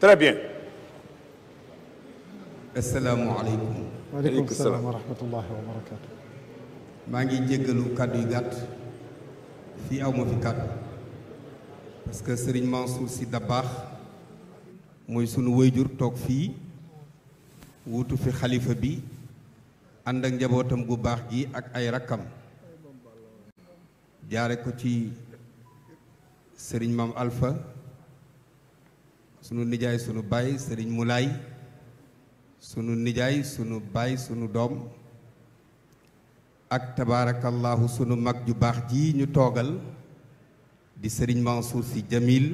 très bien. asalaamualeykum. waaleykum maa ngi jéggalu kàddu yu gàtt fii aw fi kàddu parce que Serigne Mansour Sy Dabakh mooy sunu wayjur toog fii wuutu fi xalifa bi ànd njabootam gu baax gi ak ay rakkam jaare ko ci Serigne Maam alfa sunu nijaay sunu baay sëriñ Mulaay sunu nijaay sunu baay sunu doom ak tabaarakallaahu sunu mag ju baax ji ñu toogal di sëriñ Mansour Sy Jamil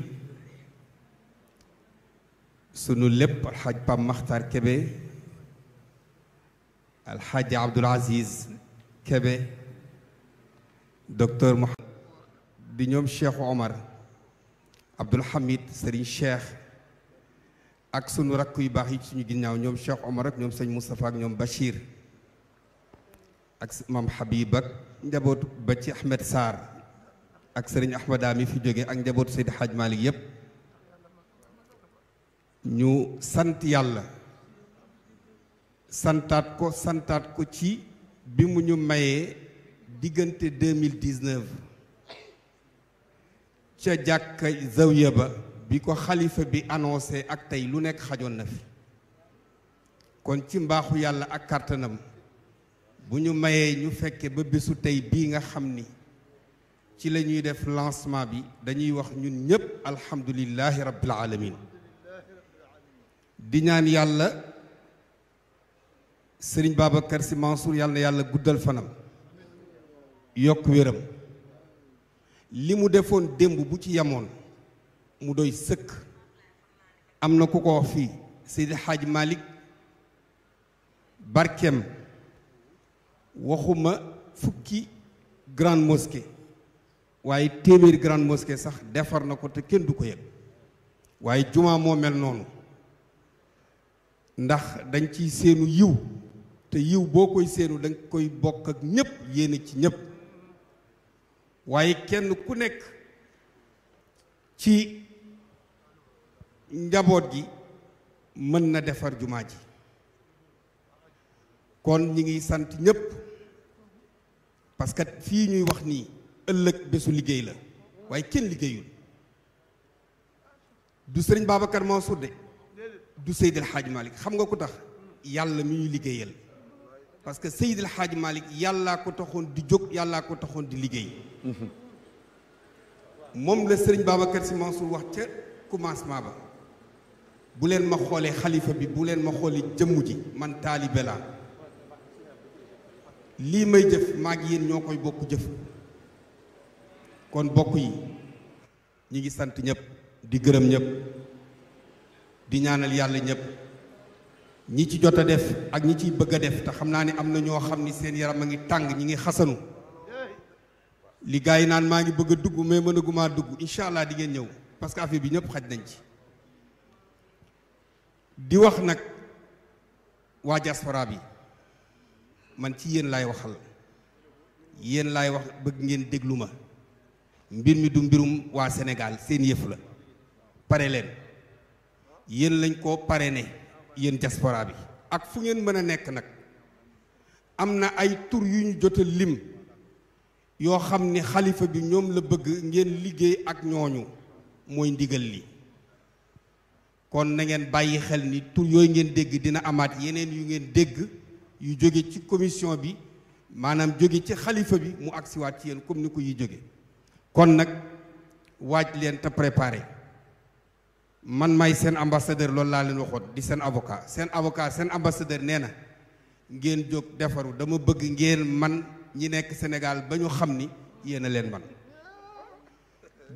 sunu lépp alxaj Pam Maxtar Kebe alxaj Abdul Aziz Kebe docteur Mohamed di ñoom Cheikh Omar Abdul Hamid Serigne Cheikh ak sunu rakk yu baax yi suñu ginnaaw ñoom Cheikh Omar ak ñoom sëñ Moustapha ak ñoom Bachir ak maam Habib ak njabootu ba ci Ahmed Sarr ak sëriñ Ahmada mi fi jóge ak njabootu Seydi Hadj Malick yépp ñu sant yàlla santaat ko santaat ko ci bi mu ñu mayee diggante deux mille ca jàkka zawiya ba bi ko xalifa bi annoncé ak tey lu nekk xajoon na fi kon ci mbaaxu yàlla ak kàttanam bu ñu mayee ñu fekkee ba bésu tey bii nga xam ni ci la ñuy def lancement bi dañuy wax ñun ñëpp alhamdulilahi rabbil alamin di ñaan yàlla sëriñ Babacar Sy Mansour yàlla na yàlla guddal fanam yokk wéram li mu defoon démb bu ci yamoon mu doy sëkk am na ku ko wax fii Seydi Hadj Malick barkeem waxuma fukki grande mosquée waaye téeméeri grande mosquée sax defar na ko te kenn du ko yëg waaye jumaa moo mel noonu ndax dañ ciy seenu yiw te yiw boo koy seenu danga koy bokk ak ñépp yéene ci ñépp waaye kenn ku nekk ci njaboot gi mën na defar jumaa ji kon ñi ngi sant ñëpp parce que fii ñuy wax nii ëllëg bésu liggéey la waaye kenn liggéeyul du sëriñ Babacar Mansour de du Seydil Hadj Malick xam nga ko tax yàlla mi ñu liggéeyal parce que Seydil Hadj Malick yàllaa ko taxoon di jóg yàllaa ko taxoon di liggéey mhm. moom la sëriñ Babacar Sy Mansour wax ca commencement ba bu leen ma xoolee xalifa bi bu leen ma xoolee jëmm ji man taalibe laa lii may jëf maa ngi yéen ñoo koy bokk jëf kon bokk yi ñu ngi sant ñëpp di gërëm ñëpp di ñaanal yàlla ñëpp ñi ci jot a def ak ñi ciy bëgg a def te xam naa ne am na ñoo xam ni seen yaram a ngi tàng ñi ngi xasanu li yi naan maa ngi bëgg dugg mais mën dugg incha allah di ngeen ñëw parce que affaire bi ñëpp xaj nañ ci di wax nag waa diaspora bi man ci yéen laay waxal yéen laay wax bëgg ngeen déglu ma mbir mi du mbirum waa Sénégal seen yëf la pare leen yéen lañ koo pare ne yéen diaspora bi ak fu ngeen mën a nekk nag am na ay tur yu ñu jota lim yoo xam ni xalifa bi ñoom la bëgg ngeen liggéey ak ñooñu mooy ndigal li kon nangeen bàyyi xel ni tur yooyu ngeen dégg dina amaat yeneen yu ngeen dégg yu jóge ci commission bi maanaam jóge ci xalifa bi mu agsiwaat ci yéen comme ni ko yi jóge kon nag waaj leen te préparé man may seen ambassadeur loolu laa leen waxoon di seen avocat seen avocat seen ambassadeur nee na ngeen jóg defaru dama bëgg ngeen man ñi nekk Sénégal ba ñu xam ni yéen a leen man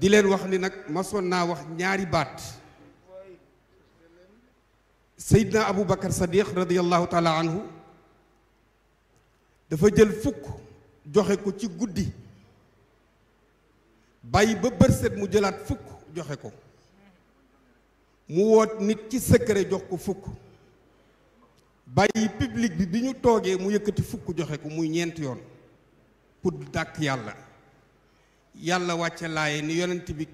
di leen wax ni nag masoon naa wax ñaari baat seydna abu bakar sadiq radiallahu taala anhu dafa jël fukk joxe ko ci guddi bàyyi ba bërset mu jëlaat fukk joxe ko mu woot nit ci secret jox ko fukk bàyyi public bi bi ñu toogee mu yëkkati fukk joxe ko muy ñeent yoon pour dàkk yàlla yàlla wàcce laaye ni yonent bi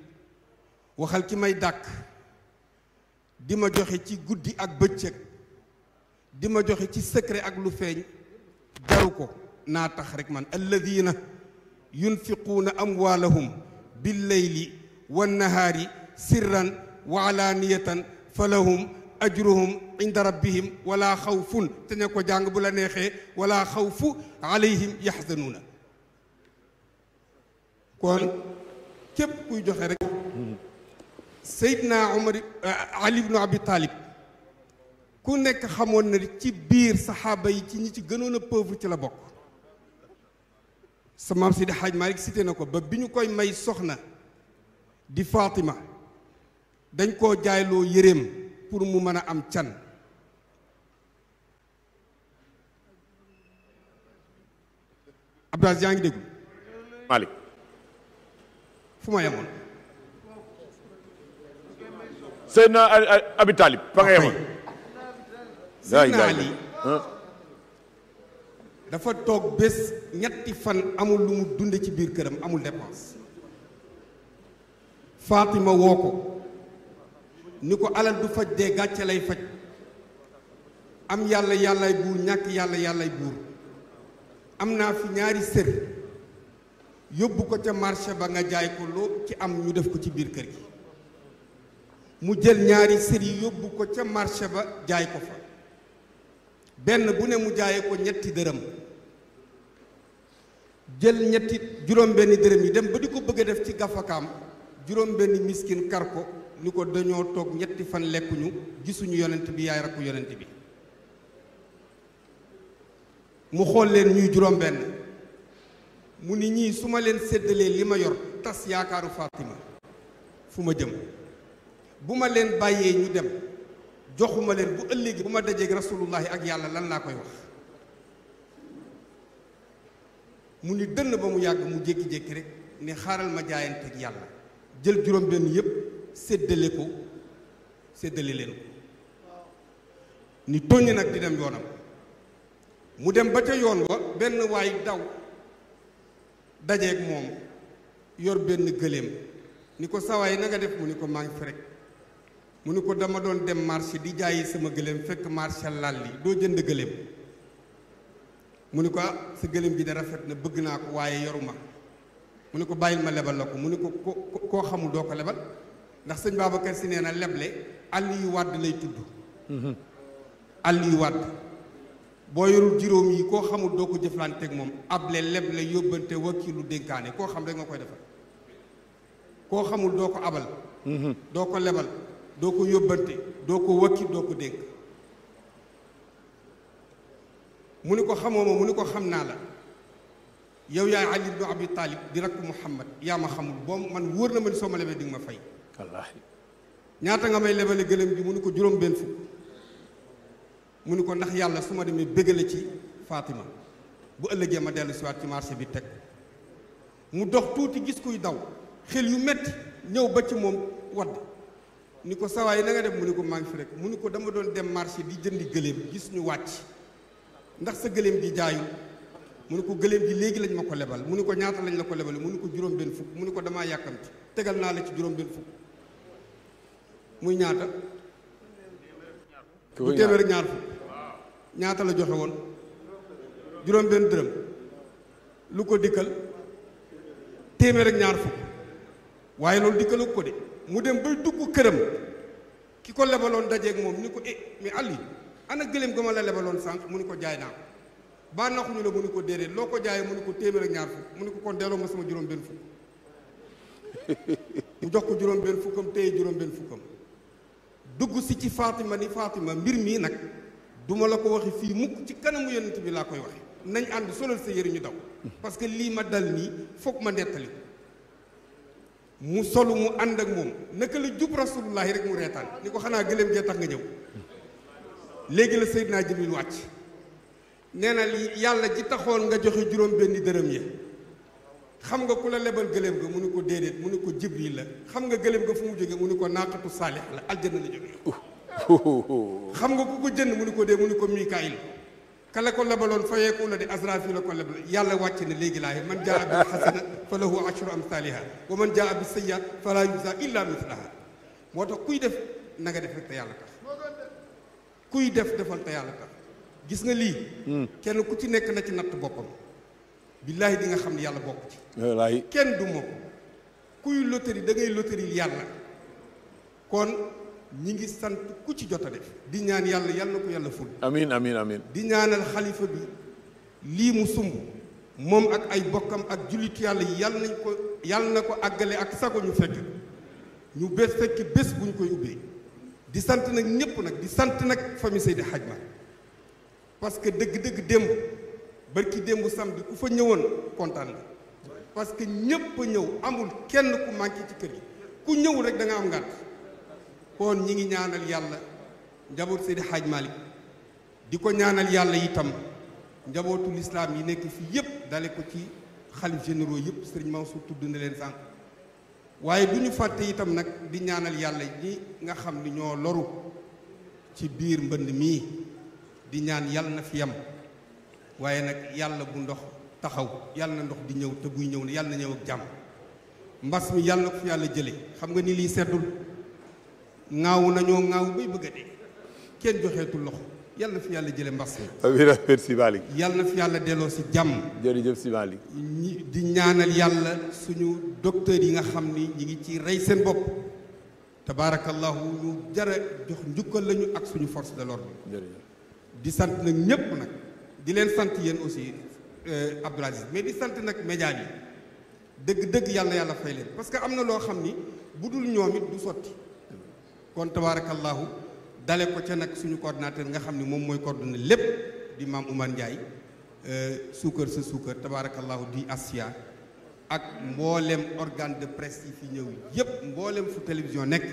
waxal ki may dàkk di ma joxe ci guddi ak bëccëg di joxe ci secret ak lu feeñ jaru ko naa tax rek man alladina yunfiquuna amwaalahum billeyli wannahaari sirran wa alaaniyatan falahum ajruhum inda rabbihim wala xawfun te ne ko jàng bu la neexee wala xawfu alayhim yaxzanuuna kon képp kuy joxe rek Seydina Omar eh, Ali ibnu Abi Talib ku nekk xamoon na ci biir saxaaba yi ci ñi ci gënoon a pauvre ci la bokk sa maam Seydi Hadj Malick cité na ko ba bi ñu koy may soxna di Fatima dañ koo jaayloo yëreem pour mu mën a am can Abdou yaa ngi déglu Malick fu ma yemoon Seydina Abi Talib fa nga yemoon Seydina Ali dafa toog bés ñetti fan amul lu mu dunde ci biir këram amul dépense Fatima woo ko ni ko alal du faj de gàcce lay faj am yàlla yàllaay buur ñàkk yàlla yàllaay buur am naa fi ñaari sër yóbbu ko ca marché ba nga jaay ko loo ci am ñu def ko ci biir kër gi mu jël ñaari sër yi yóbbu ko ca marché ba jaay ko fa benn bu ne mu jaayee ko ñetti dërëm jël ñetti juróom-benni dërëm yi dem ba di ko bëgg a def ci gafakaam juróom-benni miskin kar ko ni ko dañoo toog ñetti fan lekkuñu gisuñu yonent bi yaay rakku yonent bi mu xool leen ñuy juróom-benn mu ni ñii su ma leen seddalee li ma yor tas yaakaaru Fatima fu ma jëm bu ma leen bàyyee ñu dem joxuma leen bu ëllëgee bu ma dajeeg rasulullahi ak yàlla lan laa koy wax mu ni dënn ba mu yàgg mu jékki-jékki rek ne xaaral ma jaayante ak yàlla jël juróom benn yépp séddale ko séddale leen ko ni toññ nag di dem yoonam mu dem ba ca yoon wa benn waay daw dajeek moom yor benn gëléem ni ko sawaay na nga def mu ni ko maa ngi mu ne ko dama doon dem marché di jaayi sama gëléem fekk marché lal li doo jënd gëléem mu ne ko ah gëléem bi da rafet na bëgg naa ko waaye yoruma mu ne ko bàyyil ma lebal la ko mu ne ko koo xamul doo ko lebal ndax sëñ Babacar si nee na leble àll yu wàdd lay tudd àll yu wàdd boo yorul juróom yi koo xamul doo ko jëflanteeg moom able leble yóbbante wakiilu dénkaane koo xam rek nga koy defal koo xamul doo ko abal mhm. doo ko lebal doo ko yóbbante doo ko wakki doo ko dénk mu ni ko xamoo ma mu ni ko xam naa la yow yaa Ali ibnu Abi Talib di rakk Muhammad yaa ma xamul boom man wóor na ma ni soo ma lebee di nga ma fay ñaata nga may lebale gëlëm gi mu ni ko juróom benn fukk mu ni ko ndax yàlla su ma demee bëggale ci Fatima bu ëllëgee ma dellu siwaat ci marché bi teg mu dox tuuti gis kuy daw xel yu metti ñëw ba ci moom wadd ni ko sawaay na nga def mu ni ko maa ngi fi rek mu ni ko dama doon dem marché di jëndi gëléem gis ñu wàcc ndax sa gëléem gi jaayu mu ni ko gëléem gi léegi lañ ma ko lebal mu ni ko ñaata lañ la ko lebal mu ni ko juróom benn fukk mu ni ko damaa yàkkamti tegal naa la ci juróom benn fukk muy ñaata bu téeméer ñaar fukk ñaata la joxe woon juróom benn dërëm lu ko dikkal téeméer ak ñaar fukk waaye loolu dikkalu ko de mu dem bay dugg këram ki ko lebaloon dajeek moom ni ko eh àll yi ana gëléem ga ma la lebaloon sànq mu ni ko jaay naa ba naxuñu la mu ni ko déedéet loo ko jaayee mu ni ko téeméer ñaar fukk mu ni ko kon delloo ma sama juróom mu jox ko juróom benn fukkam téye juróom benn fukkam dugg si ci Fatima ni Fatima mbir mii nag duma la ko waxe fii mukk ci kanamu yonent bi laa koy waxe nañ ànd solol sa yëri ñu daw hmm. parce que lii ma dal nii foog ma nettali mu solu mu ànd ak moom naka la jub rasulullahi rek mu reetaan ni ko xanaa gëléem gee tax nga ñëw léegi la Seydina Jibril wàcc nee na yàlla ji taxoon nga joxe juróom benn dërëm yi xam nga ku la lebal gëléem ga mu ne ko déedéet mu ne ko Jibril la xam nga gëléem ga fu mu jógee mu ne ko naaqatu saalix la aljanna la jógee xam nga ku ko jënd mu ne ko dee mu ne ko Mikaayil kala ko lebaloon fayeeku la di asrafi la ko lebal yàlla wàcc na léegi laahi man jaa bil xasana fa lahu ashru amsaliha wa man jaa bi sayyiat fala yusa illa mislaha moo tax kuy def na nga def rek te yàlla tax kuy def defal te yàlla tax gis nga lii hmm. kenn ku ci nekk na ci natt boppam billaahi di nga xam ne yàlla bokk ci kenn du moom kuy loterie da ngay yàlla kon ñi ngi sant ku ci jot di ñaan yàlla yàlla na ko yàlla ful amiin amiin amiin di ñaanal xalifa bi lii mu sumb moom ak ay bokkam ak jullit yàlla yàlla nañ ko yàlla na ko àggale ak sago ñu fekk ñu bés fekk bés bu ñu koy ubbee di sant nag ñëpp nag di sant nag famille Seydi Hadj Malick parce que dëgg-dëgg démb barki démb samedi ku fa ñëwoon kontaan la parce que ñëpp a ñëw amul kenn ku manqué ci kër gi ku ñëw rek da nga am ngànt kon ñi ngi ñaanal yàlla njaboot Seydi Hadj Malick di ko ñaanal yàlla itam njabootu lislaam yi nekk fii yépp dale ko ci xalif généraux yëpp sëriñ Mansour tudd na leen sànq waaye du ñu fàtte itam nag di ñaanal yàlla ñi nga xam ni ñoo loru ci biir mbënd mii di ñaan yàlla na fi yam waaye nag yàlla bu ndox taxaw yàlla na ndox di ñëw te buy ñëw ne yàlla na ñëw ak jàmm mbas mi yàlla ko fi yàlla jële xam nga ni lii seddul ŋaaw nañoo ŋaaw bay bëgg a dee kenn joxeetul loxo yàlla na fi yàlla jële mbas mi. amiin amiin yàlla na fi yàlla delloo si jàmm. jërëjëf si Malick. ñi di ñaanal yàlla suñu docteurs yi nga xam ni ñi ngi ci rey seen bopp tabaarakallahu ñu jara jox njukkal lañu ak suñu force de l'ordre. jërëjëf di sant nag ñëpp nag di leen sant yéen aussi euh, Abdoul Aziz mais di sant nag média yi dëgg-dëgg yàlla yàlla fay leen parce que am na loo xam ni bu dul ñoom it du sotti. kon tabaarakallaahu dale ko ca nag suñu coordinateur nga xam ne moom mooy coordonné lépp di maam Oumar Ndiaye euh, suukar sa suukar tabaarakallaahu di Asia ak mboolem organe de presse yi fi ñëw yépp mbooleem fu télévision nekk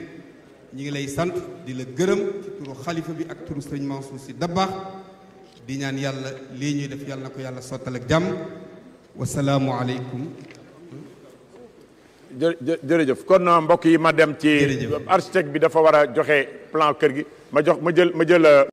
ñi ngi lay sant di la gërëm ci turu xalifa bi ak turu sëñ Mansour si Dabakh di ñaan yàlla lii ñuy def yàlla na ko yàlla sottal ak jàmm wasalaamualeykum jërëjëf kon ah, mbokk yi ma dem ci architecte bi dafa war a joxe plan kër gi ma jox ma jël ma jël euh,